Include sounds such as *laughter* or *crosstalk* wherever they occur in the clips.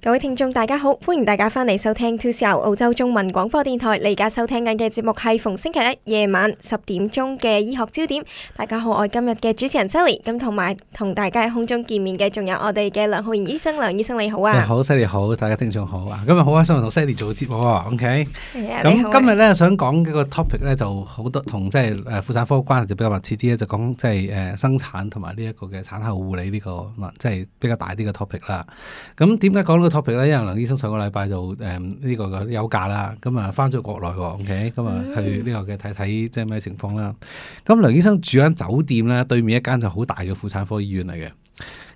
各位聽眾大家好，歡迎大家翻嚟收聽 To Show 澳洲中文廣播電台。而家收聽緊嘅節目係逢星期一夜晚十點鐘嘅醫學焦點。大家好，我係今日嘅主持人 Sally，咁同埋同大家喺空中見面嘅，仲有我哋嘅梁浩然醫生，梁醫生你好啊。你好，Sally，好，大家聽眾好啊。今日好開心同 Sally 做節目，OK。係啊。咁今日咧想講幾個 topic 咧就好多，同即係誒婦產科關係就比較密切啲咧，就講即係誒生產同埋呢一個嘅產後護理呢個即係比較大啲嘅 topic 啦。咁點解講到？topic 咧，因為梁醫生上個禮拜就誒呢、嗯這個嘅休假啦，咁啊翻咗國內喎，OK，咁啊去呢個嘅睇睇即係咩情況啦。咁梁醫生住喺酒店咧，對面一間就好大嘅婦產科醫院嚟嘅。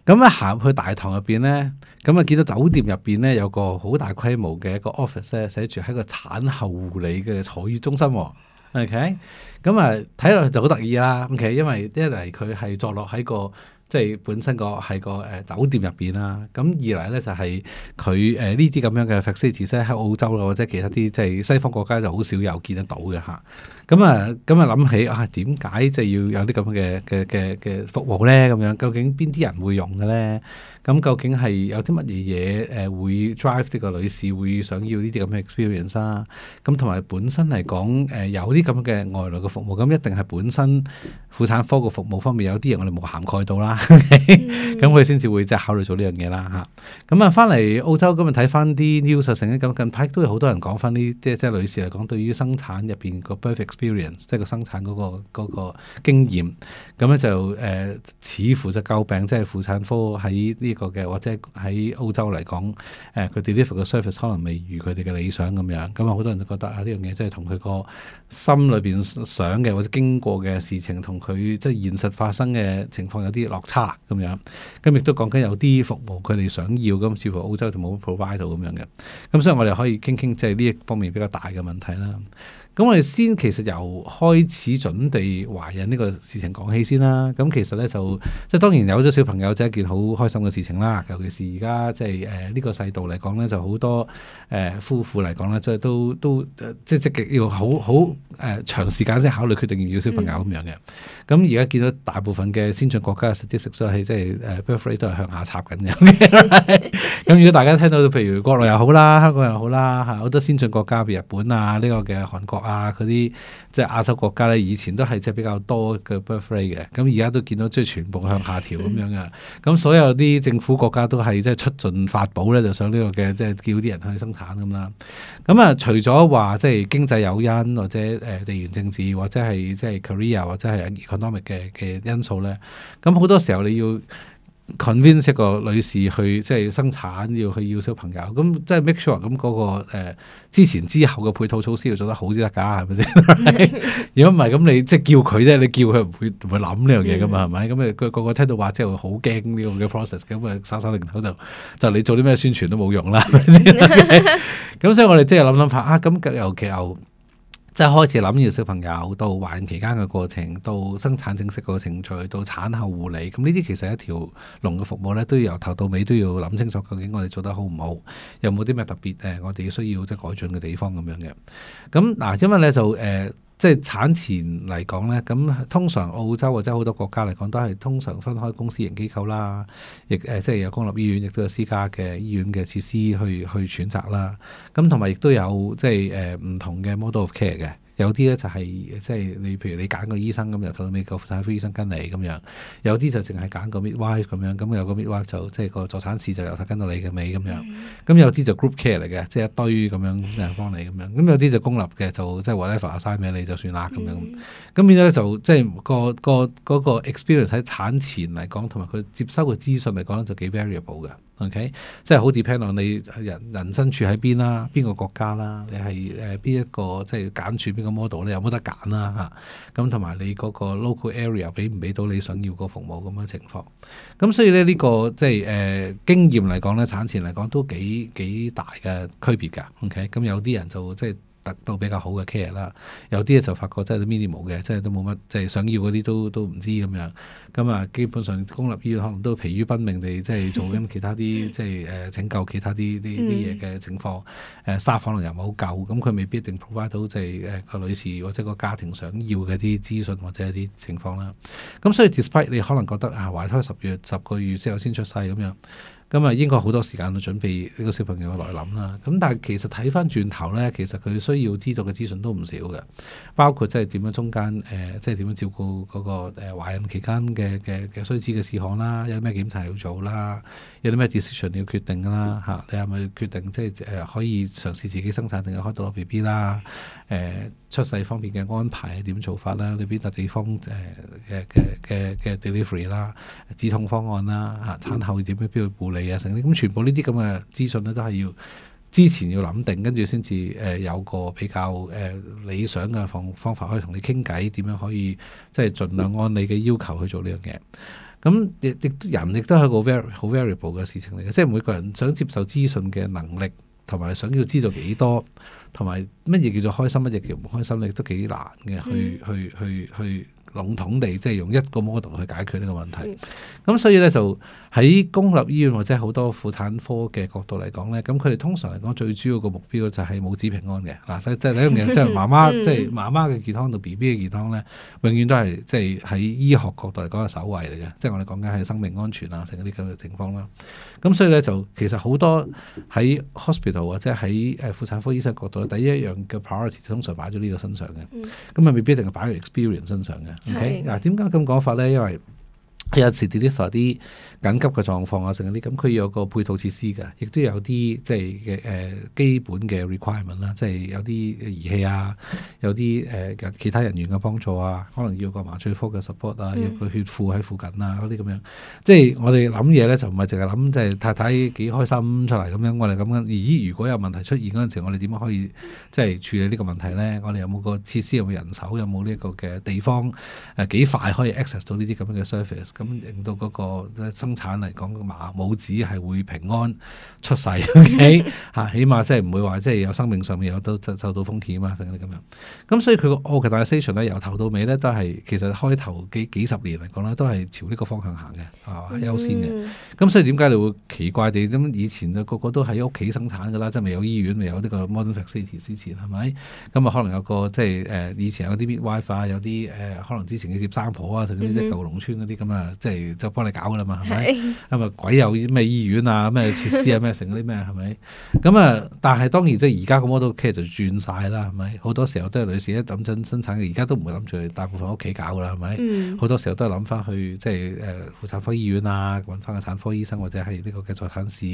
咁一行去大堂入邊咧，咁啊見到酒店入邊咧有個好大規模嘅一個 office 咧，寫住喺個產後護理嘅坐月中心喎，OK。咁啊睇落就好得意啦，OK，因為一嚟佢係坐落喺個。即係本身個係個誒酒店入邊啦，咁二嚟咧就係佢誒呢啲咁樣嘅 facilities 喺澳洲啦，或者其他啲即係西方國家就好少有見得到嘅吓。咁啊咁啊諗起啊，點解即係要有啲咁嘅嘅嘅嘅服務咧？咁樣究竟邊啲人會用嘅咧？咁、嗯、究竟係有啲乜嘢嘢誒會 drive 呢個女士會想要呢啲咁嘅 experience 啊？咁同埋本身嚟講誒有啲咁嘅外來嘅服務，咁、嗯、一定係本身婦產科嘅服務方面有啲嘢我哋冇涵蓋到啦。咁佢先至會即係考慮做呢樣嘢啦吓。咁啊，翻嚟澳洲今日睇翻啲 news 成咁近排都有好多人講翻啲，即係即係女士嚟講，對於生產入邊個 birth experience，即係個生產嗰，那個嗰，那個經驗。咁咧就誒、呃，似乎就詬病即係婦產科喺呢個嘅，或者喺澳洲嚟講，誒、呃、佢 deliver 嘅 service 可能未如佢哋嘅理想咁樣。咁啊，好多人都覺得啊，呢樣嘢即係同佢個心裏邊想嘅或者經過嘅事情，同佢即係現實發生嘅情況有啲落差咁樣，咁亦都講緊有啲服務佢哋想要咁，似乎澳洲就冇 provide 到咁樣嘅。咁所以我哋可以傾傾即係呢一方面比較大嘅問題啦。咁、嗯嗯嗯、我哋先其實由開始準備懷孕呢個事情講起先啦。咁、嗯、其實咧就即係當然有咗小朋友即係一件好開心嘅事情啦。尤其是而家即係誒呢個世道嚟講咧就好多誒、呃、夫婦嚟講咧即係都都即係積極要好好誒長時間先考慮決定要唔要小朋友咁樣嘅。嗯咁而家見到大部分嘅先進國家嘅 statistics 即係誒 birth rate 都係向下插緊嘅。咁 *laughs* 如果大家聽到，譬如國內又好啦，香港又好啦，嚇好多先進國家，譬如日本啊、呢個嘅韓國啊、嗰啲即係亞洲國家咧，以前都係即係比較多嘅 birth rate 嘅。咁而家都見到即係全部向下調咁樣嘅。咁 *laughs* 所有啲政府國家都係即係出盡法寶咧，就想呢個嘅即係叫啲人去生產咁啦。咁啊，除咗話即係經濟有因，或者誒地緣政治，或者係即係、就是、Korea 或者係。嘅嘅因素咧，咁好多時候你要 convince 一個女士去即係生產，要去要小朋友，咁即係 make sure 咁嗰，嗰個誒、呃、之前之後嘅配套措施要做得好先得噶，係咪先？ *laughs* 如果唔係，咁你即係叫佢咧，你叫佢唔會唔會諗呢樣嘢噶嘛？係咪？咁佢個個聽到話之後好驚呢個嘅 process，咁啊手手擸頭，就就你做啲咩宣傳都冇用啦，係咪先？咁 *laughs* *laughs* 所以我哋即係諗諗下啊，咁尤其又。即係開始諗要小朋友到懷孕期間嘅過程，到生產正式嘅程序，到產後護理，咁呢啲其實一條龍嘅服務咧，都要由頭到尾都要諗清楚，究竟我哋做得好唔好，有冇啲咩特別誒，我哋需要即係改進嘅地方咁樣嘅。咁嗱，因為咧就誒。呃即係產前嚟講咧，咁通常澳洲或者好多國家嚟講都係通常分開公私營機構啦，亦誒即係有公立醫院，亦都有私家嘅醫院嘅設施去去選擇啦。咁同埋亦都有即係誒唔同嘅 model of care 嘅。有啲咧就係即係你譬如你揀個醫生，咁由頭到尾個婦產科醫生跟你咁樣，有啲就淨係揀個 midwife 咁樣，咁有個 midwife 就即係、就是、個助產士就由頭跟到你嘅尾咁樣，咁有啲就 group care 嚟嘅，即係一堆咁樣，樣幫你咁樣，咁有啲就公立嘅就即係 whatever 嘅 service 你就算啦咁樣，咁變咗咧就即係、就是嗰個個嗰、嗰個 experience 喺產前嚟講，同埋佢接收嘅資訊嚟講就幾 variable 嘅，OK，即係好 depend on 你人人生處喺邊啦，邊個國家啦，你係誒邊一個即係揀處個 model 咧有冇得揀啦吓，咁同埋你嗰個 local area 俾唔俾到你想要個服務咁嘅情況，咁、啊、所以咧呢、呢個即係誒、呃、經驗嚟講咧，產前嚟講都幾幾大嘅區別噶。OK，咁、啊嗯、有啲人就即係，得到比較好嘅 care 啦，有啲咧就發覺真係 minimal 嘅，即係都冇乜，即係想要嗰啲都都唔知咁樣。咁啊，基本上公立醫院可能都疲於奔命地即係做緊其他啲即係誒拯救其他啲啲啲嘢嘅情況。誒沙房可能又唔係好夠，咁佢未必一定 provide 到即係誒個女士或者個家庭想要嘅啲資訊或者啲情況啦。咁所以 despite 你可能覺得啊，懷胎十月十個月之後先出世咁樣。咁啊，應該好多時間去準備呢個小朋友嘅來臨啦。咁、嗯、但係其實睇翻轉頭咧，其實佢需要知道嘅資訊都唔少嘅，包括即係點樣中間誒，即係點樣照顧嗰、嗰個誒懷孕期間嘅嘅嘅需知嘅事項啦，有咩檢查要做啦，有啲咩 decision 要決定啦嚇、嗯啊，你係咪決定即係誒可以嘗試自己生產定係開刀攞 B B 啦誒？呃嗯出世方面嘅安排係點做法啦，你邊笪地方誒嘅嘅嘅嘅 delivery 啦，止痛方案啦，嚇產後點樣邊度護理啊，成啲咁全部呢啲咁嘅資訊咧，都係要之前要諗定，跟住先至誒有個比較誒理想嘅方方法，可以同你傾偈，點樣可以即係盡量按你嘅要求去做呢樣嘢。咁亦亦人亦都係一個 very 好 variable 嘅事情嚟嘅，即係每個人想接受資訊嘅能力。同埋想要知道幾多，同埋乜嘢叫做開心，乜嘢叫唔開心，你都幾難嘅，去去去、嗯、去。去去籠統地即係用一個 model 去解決呢個問題，咁、嗯、所以咧就喺公立醫院或者好多婦產科嘅角度嚟講咧，咁佢哋通常嚟講最主要個目標就係母子平安嘅嗱、啊，即係第一樣嘢即係媽媽即係媽媽嘅健康同 B B 嘅健康咧，永遠都係即係喺醫學角度嚟講係首位嚟嘅，即係我哋講緊係生命安全啊，成嗰啲咁嘅情況啦。咁所以咧就其實好多喺 hospital 或者喺誒婦產科醫生角度咧，第一樣嘅 priority 通常擺咗呢個身上嘅，咁啊未必一定係擺喺 experience 身上嘅。OK 嗱，點解咁講法咧？因為。有時 deliver 啲緊急嘅狀況啊，成嗰啲咁，佢要有個配套設施嘅，亦都有啲即係嘅誒基本嘅 requirement 啦，即係有啲儀器啊，有啲誒、呃、其他人員嘅幫助啊，可能要個麻醉科嘅 support 啊，要個血庫喺附近啊，嗰啲咁樣。即係我哋諗嘢咧，就唔係淨係諗，即係太太幾開心出嚟咁樣。我哋咁樣，咦？如果有問題出現嗰陣時，我哋點樣可以即係處理呢個問題咧？我哋有冇個設施？有冇人手？有冇呢一個嘅地方？誒、呃、幾快可以 access 到呢啲咁樣嘅 service？咁令到嗰個生產嚟講，馬母子係會平安出世，OK 嚇， *laughs* 起碼即係唔會話即係有生命上面有都受到風險啊，剩嗰啲咁樣。咁所以佢個 organisation 咧，由頭到尾咧都係其實開頭幾幾十年嚟講咧，都係朝呢個方向行嘅，啊優先嘅。咁所以點解你會奇怪地咁以前就個個都喺屋企生產噶啦，即係未有醫院，未有呢個 modern city 之前係咪？咁啊，可能有個即係誒、呃、以前有啲 midwife 有啲誒、呃、可能之前嘅接生婆啊，嗰啲即係舊農村嗰啲咁啊。 *laughs* 即係就，就幫你搞噶啦嘛，係咪是？咁啊鬼有啲咩醫院啊，咩設施啊，咩成嗰啲咩係咪？咁啊， *laughs* 但係當然即係而家個 model of care 就轉晒啦，係咪？好多時候都係女士一諗緊生產，而家都唔會諗住大部分屋企搞噶啦，係咪？好、嗯、多時候都係諗翻去即係誒婦產科醫院啊，揾翻個產科醫生或者係呢個嘅助產士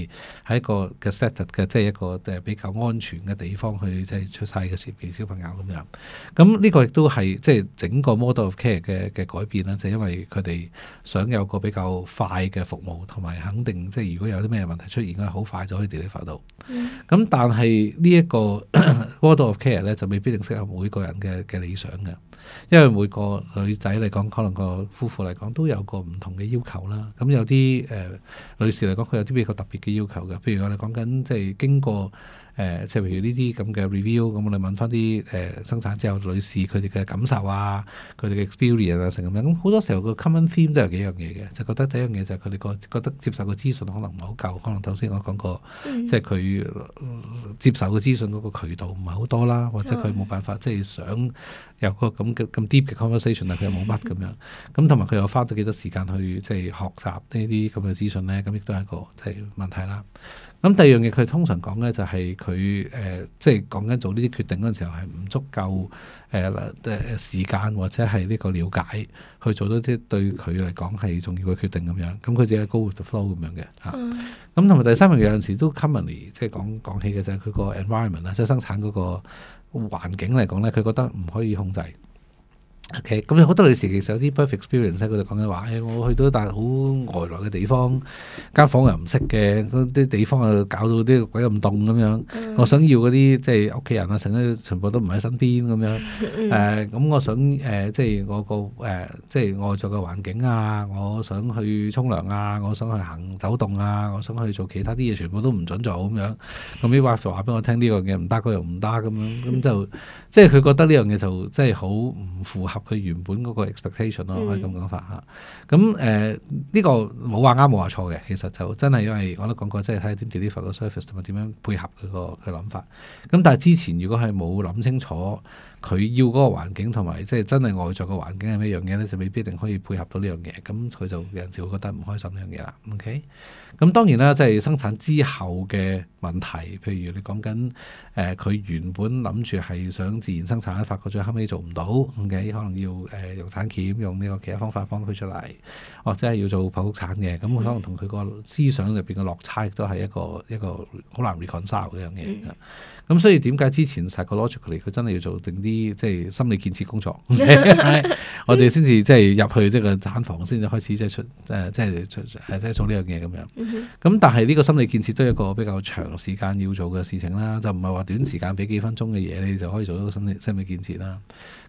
喺一個嘅 set 嘅，即、就、係、是、一個誒比較安全嘅地方去即係、就是、出晒嘅小小朋友咁樣。咁呢個亦都係即係整個 model of care 嘅嘅改變啦，就是、因為佢哋。想有個比較快嘅服務，同埋肯定即係如果有啲咩問題出現，咧好快就可以 deliver 到。咁、嗯嗯、但係呢一個 model *laughs* of care 咧，就未必一定適合每個人嘅嘅理想嘅。因為每個女仔嚟講，可能個夫婦嚟講都有個唔同嘅要求啦。咁、嗯、有啲誒、呃、女士嚟講，佢有啲比較特別嘅要求嘅。譬如我哋講緊即係經過誒，即、呃、係譬如呢啲咁嘅 review，咁我哋問翻啲誒生產之後女士佢哋嘅感受啊，佢哋嘅 experience 啊，成咁樣。咁、嗯、好多時候個 common theme 都有幾樣嘢嘅，就覺得第一樣嘢就係佢哋覺得覺得接受嘅資訊可能唔係好夠，可能頭先我講過，嗯、即係佢、嗯、接受嘅資訊嗰個渠道唔係好多啦，或者佢冇辦法即係想。有個咁嘅咁 deep 嘅 conversation 啊，佢又冇乜咁樣，咁同埋佢又花咗幾多時間去即係、就是、學習呢啲咁嘅資訊咧，咁亦都係一個即係、就是、問題啦。咁第二樣嘢，佢通常講咧就係佢誒，即係講緊做呢啲決定嗰陣時候，係唔足夠誒誒、呃呃、時間或者係呢個了解去做到啲對佢嚟講係重要嘅決定咁樣。咁佢只係 go with the flow 咁樣嘅嚇。咁同埋第三樣嘢有陣時都 commonly 即係講講起嘅就係佢個 environment 啦、嗯，即係生產嗰個環境嚟講咧，佢覺得唔可以控制。咁你好多時，其實有啲 perfect experience 佢哋講嘅話，誒、欸，我去到一笪好外來嘅地方，間房又唔識嘅，啲地方又搞到啲鬼咁凍咁樣。嗯、我想要嗰啲即係屋企人啊，成日全部都唔喺身邊咁樣。誒、嗯，咁、呃、我想誒、呃，即係我個誒、呃，即係外在嘅環境啊，我想去沖涼啊，我想去行走動啊，我想去做其他啲嘢，全部都唔準做咁樣。後屘話就話俾我聽呢個嘢，唔得，佢又唔得咁樣，咁就。嗯即係佢覺得呢樣嘢就即係好唔符合佢原本嗰個 expectation 咯、啊，嗯、可以咁講法嚇。咁誒呢個冇話啱冇話錯嘅，其實就真係因為我都講過，即係睇下點 deliver 個 service 同埋點樣配合佢、嗰個嘅諗、嗰個、法。咁但係之前如果係冇諗清楚。佢要嗰個環境同埋即係真係外在個環境係咩樣嘅咧，就未必一定可以配合到呢樣嘢。咁佢就有陣時會覺得唔開心呢樣嘢啦。OK，咁當然啦，即係生產之後嘅問題，譬如你講緊誒，佢，呃，原本諗住係想自然生產，發覺最後尾做唔到，OK，嗯，可能要誒，呃，用產鉗用呢個其他方法幫佢出嚟，哦，即係要做剖腹產嘅。咁可能同佢個思想入邊嘅落差亦都係一個，mm hmm. 一個好難 reconcile 嘅樣嘢。Mm hmm. 咁、嗯、所以點解之前 psychologically 佢真係要做定啲即係心理建設工作， *laughs* 我哋先至即係入去即，即，即個產房先至開始即係出誒即係做呢樣嘢咁樣。咁、嗯嗯嗯、但係呢個心理建設都係一個比較長時間要做嘅事情啦，就唔係話短時間俾幾分鐘嘅嘢你就可以做到心理心理建設啦。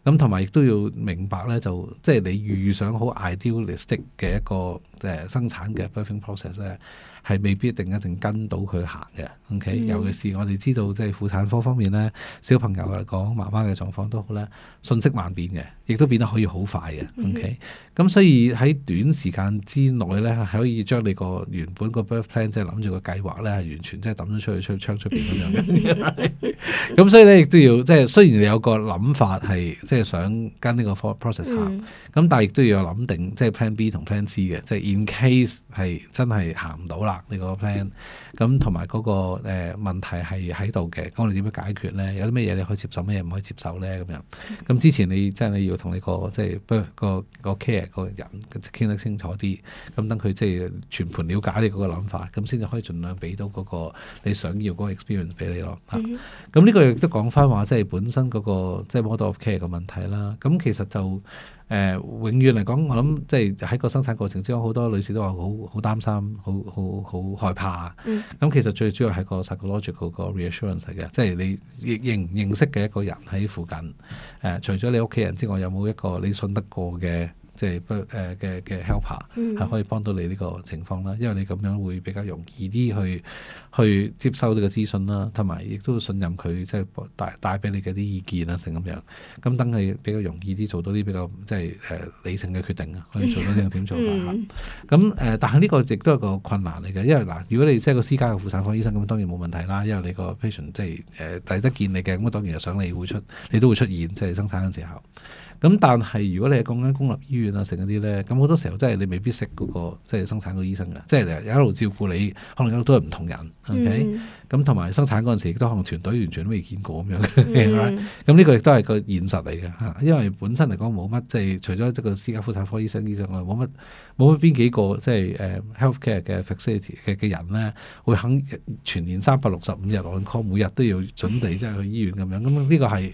咁同埋亦都要明白咧，就即係你遇上好 idealistic 嘅一個。誒生產嘅 birthing process 咧，係未必一定一定跟到佢行嘅。OK，、mm hmm. 尤其是我哋知道，即係婦產科方面咧，小朋友嚟講，媽媽嘅狀況都好咧，瞬息萬變嘅，亦都變得可以好快嘅。OK，咁、mm hmm. 所以喺短時間之內咧，係可以將你個原本個 birth plan 即係諗住個計劃咧，係完全即係抌咗出去，出去窗出邊咁樣咁、mm hmm. *laughs* 所以咧，亦都要即係、就是、雖然你有個諗法係即係想跟呢個 pro process 行，咁、mm hmm. 但係亦都要有諗定即係、就是、plan B 同 plan C 嘅，即係。in case 係真係行唔到啦，你個 plan 咁同埋嗰個誒、呃、問題係喺度嘅，咁我哋點樣解決咧？有啲咩嘢你可以接受，咩嘢唔可以接受咧？咁樣咁，之前你真係要同你個即係個個 care 個人傾得清楚啲，咁等佢即係全盤了解你嗰個諗法，咁先至可以盡量俾到嗰個你想要嗰個 experience 俾你咯。咁呢、mm hmm. 啊、個亦都講翻話，即係本身嗰、嗰個即係 model of care 嘅問題啦。咁其實就。誒、呃、永遠嚟講，我諗即係喺個生產過程之中，好多女士都話好好擔心，好好好害怕。咁、嗯嗯、其實最主要係個 psychological 個 reassurance 嘅，即係你認認識嘅一個人喺附近。誒、呃，除咗你屋企人之外，有冇一個你信得過嘅？即係誒嘅嘅 helper 係可以幫到你呢個情況啦，因為你咁樣會比較容易啲去去接收呢個資訊啦，同埋亦都信任佢即係帶帶俾你嘅啲意見啊，成咁樣咁等佢比較容易啲做到啲比較即係誒理性嘅決定啊，可以做到啲點做法嚇。咁誒、嗯呃，但係呢個亦都係個困難嚟嘅，因為嗱、呃，如果你即係個私家嘅婦產科醫生，咁當然冇問題啦，因為你個 patient 即係誒睇得見你嘅，咁啊當然係想你會出，你都會出現即係、就是、生產嘅時候。咁但係如果你係講緊公立醫院，啊！嗰啲咧，咁好多時候真係你未必識嗰個即係生產嗰個醫生嘅，即係又一路照顧你，可能一路都係唔同人、嗯，OK？咁同埋生產嗰陣時，都可能團隊完全都未見過咁樣咁呢、嗯、 *laughs* 個亦都係個現實嚟嘅嚇。因為本身嚟講冇乜，即係除咗一個私家婦產科醫生，醫生我冇乜冇乜邊幾個即係誒 healthcare 嘅 facility 嘅嘅人咧，會肯全年三百六十五日按 call，每日都要準備即係、就是、去醫院咁樣。咁呢個係。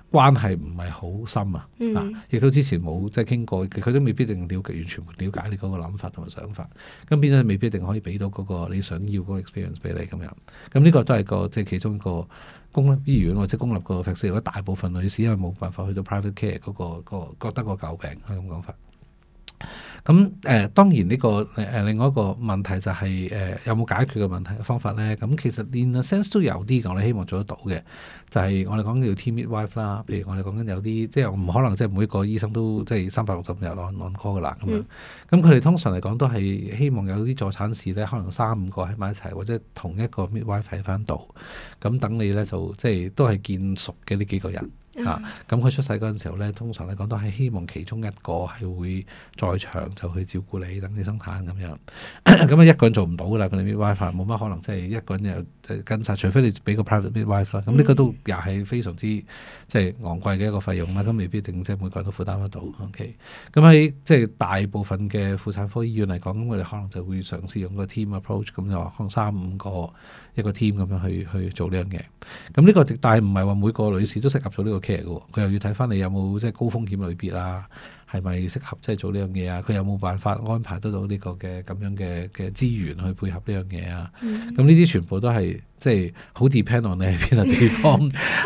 關係唔係好深啊，嗯、啊，亦都之前冇即係傾過，佢都未必定瞭解完全了解你嗰個諗法同埋想法，咁變咗未必一定可以俾到嗰個你想要嗰個 experience 俾你咁樣，咁、嗯、呢、呢個都係個即係其中一個公立醫院或者公立個設施，或者大部分女士因為冇辦法去到 private care 嗰、嗰個、嗰個、嗰個、覺得個舊病係咁講法。咁誒、呃，當然呢、這個誒、呃、另外一個問題就係、是、誒、呃、有冇解決嘅問題嘅方法咧？咁、嗯、其實 in a sense 都有啲，我哋希望做得到嘅，就係、是、我哋講緊叫 team midwife 啦。譬如我哋講緊有啲，即係我唔可能即係每一個醫生都即係三百六十五日 on call 噶啦。咁樣，咁佢哋通常嚟講都係希望有啲助產士咧，可能三五個喺埋一齊，或者同一個 midwife 喺返度，咁等你咧就即係都係見熟嘅呢幾個人。啊，咁佢、嗯、出世嗰陣時候咧，通常咧講到係希望其中一個係會在場就去照顧你等你生產咁樣，咁啊 *coughs* 一個人做唔到㗎啦，佢哋 midwife 冇乜可能，即、就、係、是、一個人又即跟晒，除非你俾個 private 啲 midwife，咁呢個都又係非常之即係、就是、昂貴嘅一個費用啦，咁未必定即係每個人都負擔得到。OK，咁喺即係大部分嘅婦產科醫院嚟講，咁佢哋可能就會嘗試用個 team approach，咁就話可能三五個一個 team 咁樣去去做呢樣嘢。咁呢、這個但係唔係話每個女士都適合做、這、呢個。care 嘅，佢又要睇返你有冇即係高風險類別啊，係咪適合即係做呢樣嘢啊？佢有冇辦法安排得到呢個嘅咁樣嘅嘅資源去配合呢樣嘢啊、mm？咁呢啲全部都係即係好 depend on 你喺邊個地方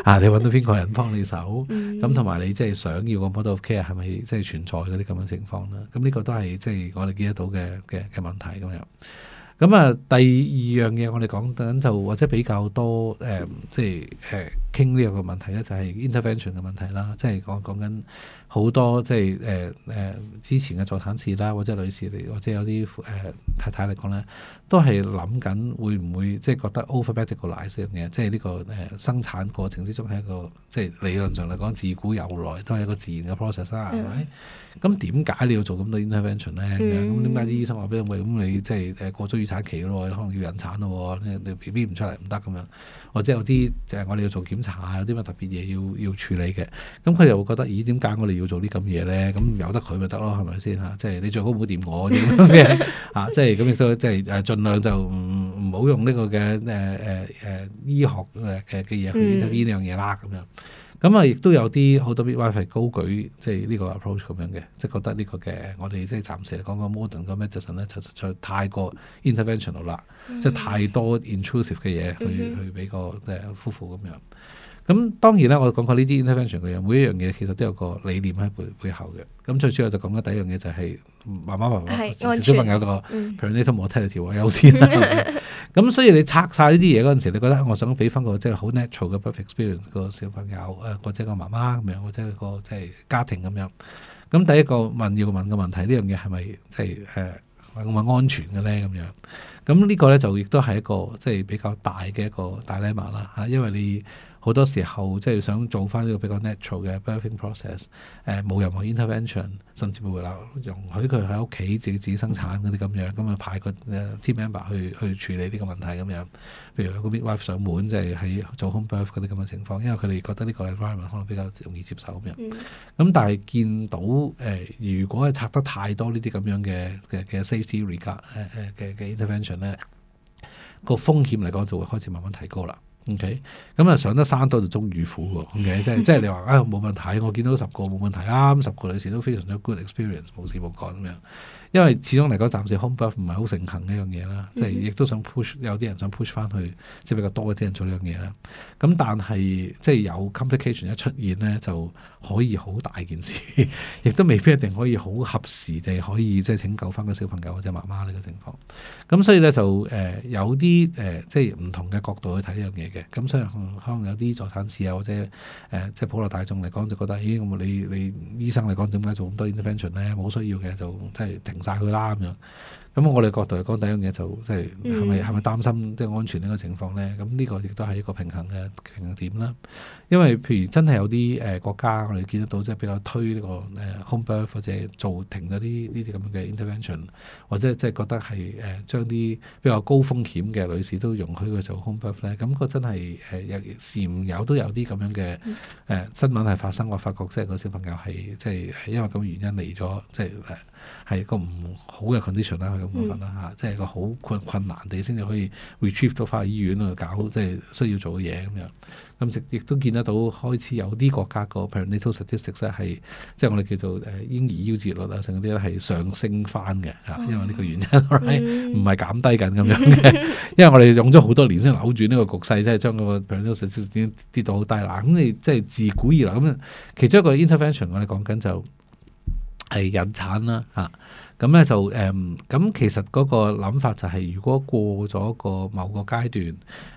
啊、 *laughs* mm？Hmm. 你揾到邊個人幫你手咁，同埋你即係想要個 model of care 係咪即係存在嗰啲咁嘅情況啦。咁呢個都係即係我哋見得得到嘅嘅嘅問題咁樣。咁啊，第二樣嘢我哋講緊就或者比較多誒，即係誒。傾呢個問題咧，就係、是、intervention 嘅問題啦，即係講講緊好多即係誒誒之前嘅助產士啦，或者女士嚟，或者有啲誒、呃、太太嚟講咧，都係諗緊會唔會即係、就是、覺得 overprotective 嘅呢樣嘢，即係呢個誒、呃、生產過程之中係一個即係、就是、理論上嚟講自古由來都係一個自然嘅 process 啦、嗯。係咪？咁點解你要做咁多 intervention 咧？咁點解啲醫生話俾你喂，咁你即係誒過咗預產期咯，可能要引產咯，你你 B B 唔出嚟唔得咁樣，或者有啲就係、是、我哋要做檢。查下有啲乜特別嘢要要處理嘅，咁佢又會覺得，咦？點解我哋要做啲咁嘢咧？咁由得佢咪得咯，係咪先嚇？即係你最好唔好掂我咁 *laughs* 樣嘅嚇，啊，即係咁亦都即係誒，儘量就唔唔好用呢個嘅誒誒誒醫學誒嘅嘢去得呢樣嘢啦咁樣。咁啊，亦、嗯、都有啲好多 big wifi 高舉，即係呢個 approach 咁樣嘅，即係覺得呢個嘅我哋即係暫時嚟講個 modern 嘅 medicine 咧，就實在太過 interventional 啦，即係太多 intrusive 嘅嘢去去俾個即夫婦咁樣。咁、嗯、當然啦，我講過呢啲 intervention 嘅嘢，每一樣嘢其實都有個理念喺背背後嘅。咁、嗯、最主要就講緊第一樣嘢就係、是、媽媽媽媽小朋友個譬如 perinatal mortality 優先啦。咁、 *laughs* 嗯、所以你拆晒呢啲嘢嗰陣時，你覺得我想俾翻個即係好 natural 嘅 birth experience 個小朋友、呃、或者個媽媽咁樣，或者個即係家庭咁樣。咁、嗯、第一個問要問嘅問題，呢樣嘢係咪即係誒咁安全嘅咧咁樣？咁、嗯、呢個咧就亦都係一個即係比較大嘅一個 dilemma 啦嚇，因為你。好多時候即係想做翻呢個比較 natural 嘅 birthing process，誒、呃、冇任何 intervention，甚至乎留容許佢喺屋企自己自己生產嗰啲咁樣，咁、嗯、啊、嗯、派個、呃、team member 去去處理呢個問題咁樣。譬如嗰個 midwife 上門就係喺做 home birth 嗰啲咁嘅情況，因為佢哋覺得呢個 environment 可能比較容易接受咁樣。咁、嗯嗯、但係見到誒、呃，如果係拆得太多呢啲咁樣嘅嘅 safety regard 誒誒嘅 intervention 咧，個風險嚟講就會開始慢慢提高啦。OK，咁、嗯、啊上得山多就終遇虎喎，OK， *laughs* 即係即係你話啊冇問題，我見到十個冇問題啱、啊、十個女士都非常之 good experience，無事冇講咁樣。因為始終嚟講，暫時 home birth 唔係好盛行呢樣嘢啦，mm hmm. 即係亦都想 push 有啲人想 push 翻去即係比較多啲人做呢樣嘢啦。咁但係即係有 complication 一出現咧，就可以好大件事，亦都未必一定可以好合時地可以即係拯救翻個小朋友或者媽媽呢個情況。咁所以咧就誒、呃、有啲誒、呃、即係唔同嘅角度去睇呢樣嘢嘅。咁所以、嗯、可能有啲助產士啊或者誒、呃、即係普羅大眾嚟講就覺得，咦、哎、咁你你，你醫生嚟講點解做咁多 intervention 咧？冇需要嘅就即係停。就係佢啦咁樣。咁我哋角度嚟講，第一樣嘢就即係係咪係咪擔心即係安全呢個情況咧？咁呢、嗯、個亦都係一個平衡嘅平衡點啦。因為譬如真係有啲誒國家，我哋見得到即係比較推呢個誒 home birth 或者做停咗啲呢啲咁嘅 intervention，或者即係覺得係誒將啲比較高風險嘅女士都容許佢做 home birth 咧。咁、那個真係誒有時有都有啲咁樣嘅誒、嗯呃、新聞係發生。我發覺即係個小朋友係即係因為咁原因嚟咗，即係誒係一個唔好嘅 condition 啦。部分啦嚇，即係個好困困難地先至可以 retrieve 到翻去醫院度搞即係需要做嘅嘢咁樣。咁、嗯、亦都見得到開始有啲國家個 perinatal statistics 咧係，即係我哋叫做誒嬰兒夭折率啊，成啲咧係上升翻嘅嚇，因為呢個原因，唔係、嗯、 *laughs* 減低緊咁樣嘅。因為我哋用咗好多年先扭轉呢個局勢，即係將嗰個 perinatal statistics 已經跌到好低啦。咁你即係自古以來咁，其中一個 intervention 我哋講緊就係引產啦嚇。啊咁咧就誒，咁、嗯嗯、其實嗰個諗法就係，如果過咗個某個階段，誒、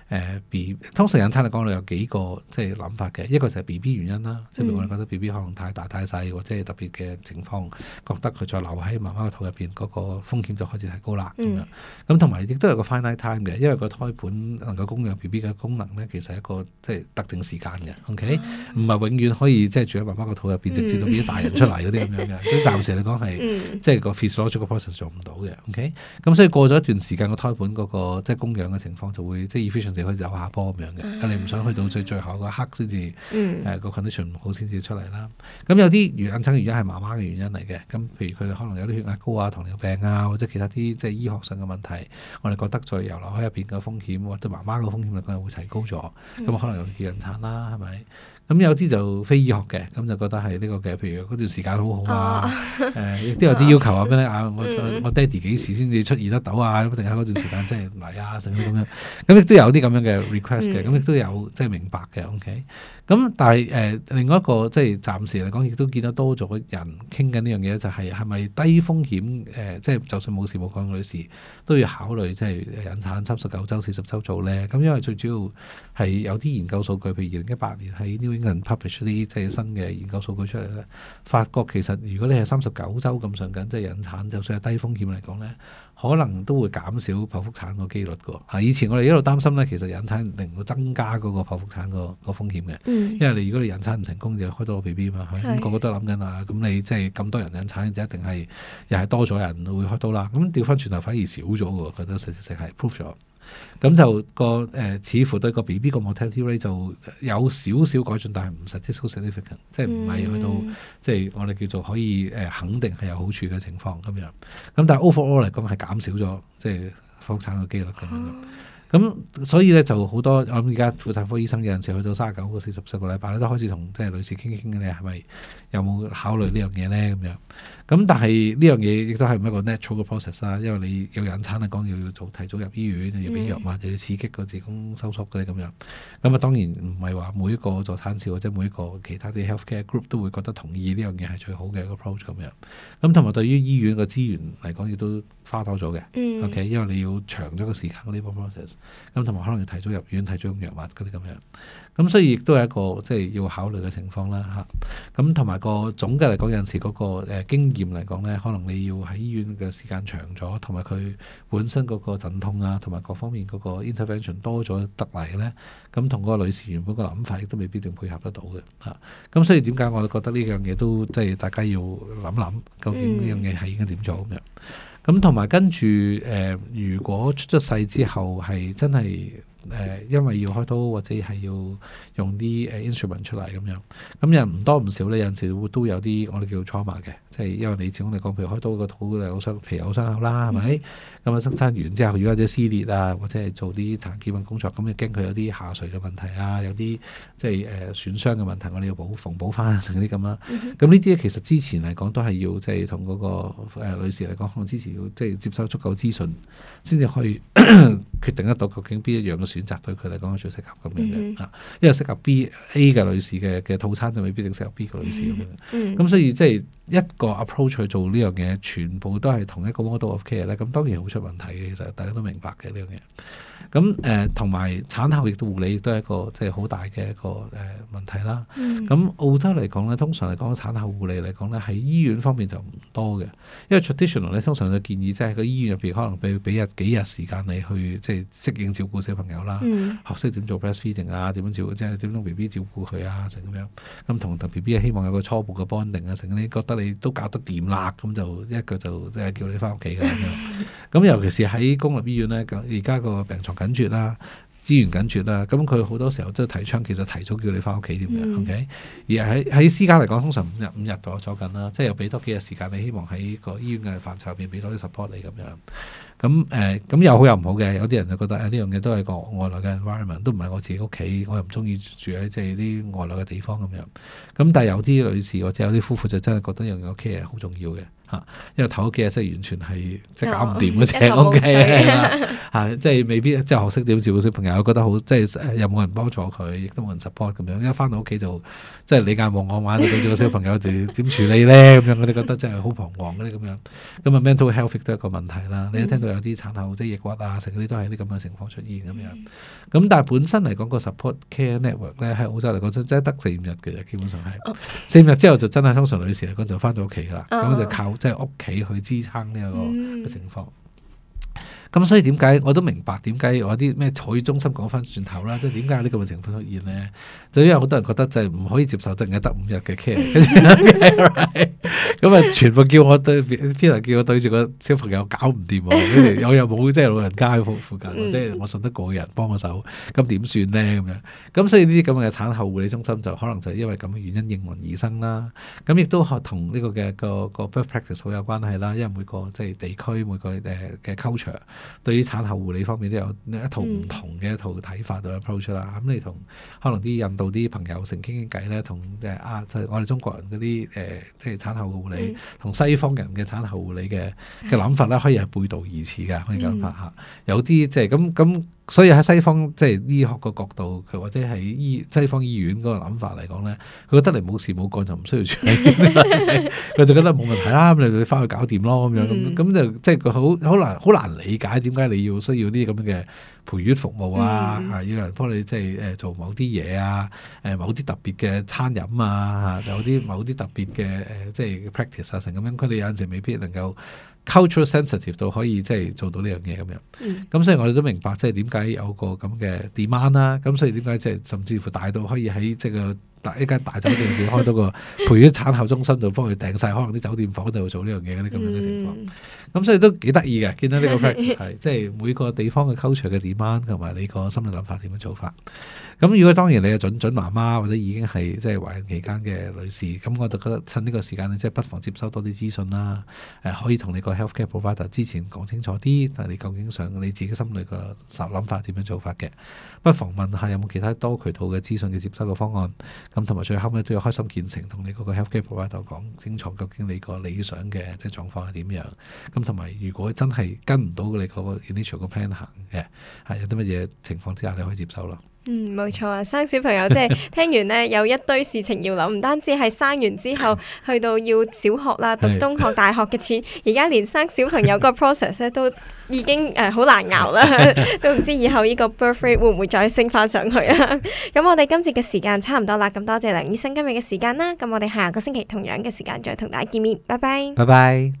呃、B，通常引產嚟講，我有幾個即係諗法嘅。一個就係 B B 原因啦，嗯、即係我哋覺得 B B 可能太大太細，或者係特別嘅情況，覺得佢再留喺媽媽個肚入邊，嗰、那個風險就開始提高啦。咁樣，咁同埋亦都有，有個 finite time 嘅，因為個胎盤能夠供養 B B 嘅功能咧，其實係一個即係特定時間嘅，OK？唔係永遠可以即係住喺媽媽個肚入邊，直至到變咗大人出嚟嗰啲咁樣嘅，嗯、 *laughs* 即係暫時嚟講係即係個攞出個 process 做唔到嘅，OK，咁所以過咗一段時間，個胎盤嗰、嗰個即係供氧嘅情況就會即係 efficiently 可以走下坡咁樣嘅。咁、嗯、你唔想去到最最後一刻、嗯呃、個刻先至，condition 唔好先至出嚟啦。咁有啲如引產嘅原因係媽媽嘅原因嚟嘅，咁譬如佢哋可能有啲血壓高啊、糖尿病啊，或者其他啲即係醫學上嘅問題，我哋覺得再遊落去入邊嘅風險或者媽媽個風險咧，嗯、可能會提高咗，咁可能要引產啦，係咪？咁、嗯、有啲就非醫學嘅，咁就覺得係呢個嘅，譬如嗰段時間好好啊，誒亦都有啲要求啊，咩、oh. oh. 啊？我啊我爹哋幾時先至出現得到啊？定喺嗰段時間即係唔嚟啊，成咁樣。咁亦都有啲咁樣嘅 request 嘅，咁亦都有即係明白嘅。OK，咁但係誒另外一個即係暫時嚟講亦都見得多咗人傾緊呢樣嘢，就係係咪低風險誒即係就算冇事冇講，女士都要考慮即係引產三十九週四十週做咧？咁因為最主要係有啲研究數據，譬如二零一八年喺呢。啲人 publish 啲即係新嘅研究數據出嚟咧，發覺其實如果你係三十九週咁上緊，即係引產，就算係低風險嚟講咧，可能都會減少剖腹產個機率嘅。嚇，以前我哋一路擔心咧，其實引產令到增加嗰個剖腹產個個風險嘅，因為你如果你引產唔成功，就開刀 B B 啊嘛，咁、哎是嗯、個個都諗緊啊，咁你即係咁多人引產就一定係又係多咗人會開刀啦。咁調翻轉頭反而少咗嘅，覺得實在係 proof 咗。咁就、那個誒、呃，似乎對個 B B 個 mortality rate 就有少少改進，但係唔 statistically significant 即係唔係去到、嗯、即係我哋叫做可以誒、呃、肯定係有好處嘅情況咁樣。咁但係 overall 嚟講係減少咗即係剖產嘅幾率咁樣。咁、嗯、所以咧就好多我諗而家婦產科醫生有陣時去到三十九個四十歲個禮拜咧，都開始同即係女士傾傾嘅咧，係咪有冇考慮呢樣嘢咧咁樣？咁、嗯、但係呢樣嘢亦都係一個 natural 嘅 process 啦，因為你要引產啊，講要要提早入醫院，就、嗯、要俾藥物，就要刺激個子宮收縮啲咁樣。咁、嗯、啊當然唔係話每一個助產士或者每一個其他啲 healthcare group 都會覺得同意呢樣嘢係最好嘅一個 approach 咁樣。咁同埋對於醫院個資源嚟講，亦都花多咗嘅。嗯、OK，因為你要長咗個時間呢個 process、嗯。咁同埋可能要提早入院、提早用藥物嗰啲咁樣。咁、嗯、所以亦都係一個即係要考慮嘅情況啦，嚇、啊。咁同埋個總嘅嚟講，有陣時嗰個誒、呃、經驗嚟講咧，可能你要喺醫院嘅時間長咗，同埋佢本身嗰個陣痛啊，同埋各方面嗰個 intervention 多咗得嚟咧，咁、啊、同、嗯、個女士原本個諗法亦都未必點配合得到嘅，嚇、啊。咁、啊啊、所以點解我都覺得呢樣嘢都即係大家要諗諗，究竟呢樣嘢係應該點做咁樣？咁同埋跟住誒、呃，如果出咗世之後係真係。誒、呃，因為要開刀或者係要用啲誒 instrument 出嚟咁樣，咁人唔多唔少咧，有陣時都會都有啲我哋叫 trauma 嘅，即係因為你始終嚟講，譬如開刀個肚有傷皮有傷口啦，係咪？咁啊、嗯，生產完之後，如果有啲撕裂啊，或者係做啲殘缺嘅工作，咁又驚佢有啲下垂嘅問題啊，有啲即係誒、呃、損傷嘅問題，我哋要補縫補翻成啲咁啦。咁呢啲其實之前嚟講都係要即係同嗰個女士嚟講，可能之前要即係接收足夠資訊，先至可以。 *coughs* 決定得到究竟邊一樣嘅選擇對佢嚟講係最適合咁樣嘅啊，hmm. 因為適合 B A 嘅女士嘅嘅套餐就未必適合 B 個女士咁樣。咁、mm hmm. 所以即係一個 approach 去做呢樣嘢，全部都係同一個 model of care 咧。咁當然好出問題嘅，其實大家都明白嘅呢樣嘢。咁誒同埋產後護理都係一個即係好大嘅一個誒問題啦。咁、mm hmm. 澳洲嚟講咧，通常嚟講產後護理嚟講咧，喺醫院方面就唔多嘅，因為 traditional 咧通常嘅建議即係喺個醫院入邊可能俾俾日幾日時間你去。即係適應照顧小朋友啦，學識點做 breastfeeding 啊，點樣照即係點樣 B B 照顧佢啊，成咁樣咁同同 B B 希望有個初步嘅 b 定啊，成呢覺得你都搞得掂啦，咁就一個就即係叫你翻屋企嘅咁樣。咁、嗯、尤其是喺公立醫院咧，而家個病床緊絕啦，資源緊絕啦，咁佢好多時候都提倡其實提早叫你翻屋企點樣？O K、嗯、而喺喺私家嚟講，通常五日五日坐坐緊啦，即係又俾多幾日時間你，希望喺個醫院嘅範疇入邊俾多啲 support 你咁 supp 樣。咁誒，咁又、嗯嗯、好又唔好嘅，有啲人就覺得誒呢、哎、樣嘢都係個外來嘅 environment，都唔係我自己屋企，我又唔中意住喺即係啲外來嘅地方咁樣。咁但係有啲女士或者有啲夫婦就真係覺得有屋企係好重要嘅嚇、啊，因為頭屋企真係完全係即係搞唔掂嘅啫屋企即係未必 *laughs* 即係學識點照顧小朋友，覺得好即係又冇人幫助佢，亦都冇人 support 咁樣，一返到屋企就即係你眼望我玩，對住個小朋友點點 *laughs* 處理咧咁樣，佢哋覺得真係好彷徨嘅咧咁樣。咁啊 mental health 都係一個問題啦、嗯，你有聽到、嗯？嗯有啲產後即抑鬱啊，成啲都係啲咁嘅情況出現咁樣。咁、嗯、但係本身嚟講個 support care network 咧，喺澳洲嚟講真係得四五日嘅，基本上係四五日、哦、之後就真係通常女士嚟講就翻咗屋企噶啦，咁、哦、就靠即係屋企去支撐呢、這個嘅、嗯、情況。咁、嗯、所以點解我都明白點解我啲咩坐中心講翻轉頭啦，即係點解呢咁嘅情況出現咧？嗯、就因為好多人覺得就係唔可以接受 care、嗯，淨係得五日嘅 care。 *laughs* 咁啊， *laughs* 全部叫我對 Peter，叫我對住個小朋友搞唔掂啊！跟住我又冇即係老人家喺附近，即係 *laughs* 我信得過嘅人幫我手，咁點算呢？咁樣，咁所以呢啲咁嘅產後護理中心就可能就係因為咁嘅原因應運而生啦。咁亦都同呢個嘅個個 best practice 好有關係啦。因為每個即係地區每個誒嘅 culture 對於產後護理方面都有一套唔同嘅一套睇法同 approach 啦。咁、嗯、你同可能啲印度啲朋友成傾傾偈咧，同即係啊，即係我哋中國人嗰啲誒，即係產後護。你同、嗯、西方人嘅產後護理嘅嘅諗法咧，可以係背道而馳嘅，可以咁講下。嗯、有啲即係咁咁。所以喺西方即係醫學個角度，佢或者喺醫西方醫院嗰個諗法嚟講咧，佢覺得你冇事冇干就唔需要出嚟，佢 *laughs* 就覺得冇問題啦，咁你你翻去搞掂咯咁樣咁，咁就即係佢好好難好難理解點解你要需要啲咁嘅陪月服務啊，嗯、啊要人幫你即係誒做某啲嘢啊，誒、呃、某啲特別嘅餐飲啊，嚇有啲某啲特別嘅誒、呃、即係 practice 啊，成咁樣，佢哋有陣時未必能夠。culture-sensitive 到可以即係做到呢樣嘢咁樣，咁所以我哋都明白即係點解有個咁嘅 demand 啦、啊，咁所以點解即係甚至乎大到可以喺即係個啊大一間大酒店度開多個陪月產後中心就幫佢訂晒。可能啲酒店房就會做呢樣嘢嗰啲咁樣嘅情況。咁、嗯嗯、所以都幾得意嘅，見到呢個 fact *laughs* 即係每個地方嘅 culture 嘅點樣，同埋你個心理諗法點樣做法。咁、嗯、如果當然你係準準媽媽或者已經係即係懷孕期間嘅女士，咁、嗯、我就覺得趁呢個時間咧，你即係不妨接收多啲資訊啦。誒、啊，可以同你個 health care provider 之前講清楚啲，但係你究竟想你自己心裏個諗諗法點樣做法嘅，不妨問下有冇其他多渠道嘅資訊嘅接收嘅方案。咁同埋最後尾都要開心見誠。同你嗰個 healthcare provider 講清楚究竟你個理想嘅即係狀況係點樣。咁同埋如果真係跟唔到你嗰個 initial 個 plan 行嘅，係有啲乜嘢情況之下你可以接受咯。嗯，冇錯啊，生小朋友即係 *laughs* 聽完咧，有一堆事情要諗，唔單止係生完之後，去到要小學啦、讀中學、大學嘅錢，而家 *laughs* 連生小朋友個 process 呢都已經誒好、呃、難熬啦， *laughs* 都唔知以後呢個 birth rate 會唔會再升翻上去啊？咁 *laughs* 我哋今次嘅時間差唔多啦，咁多謝梁醫生今日嘅時間啦，咁我哋下個星期同樣嘅時間再同大家見面，拜拜，拜拜。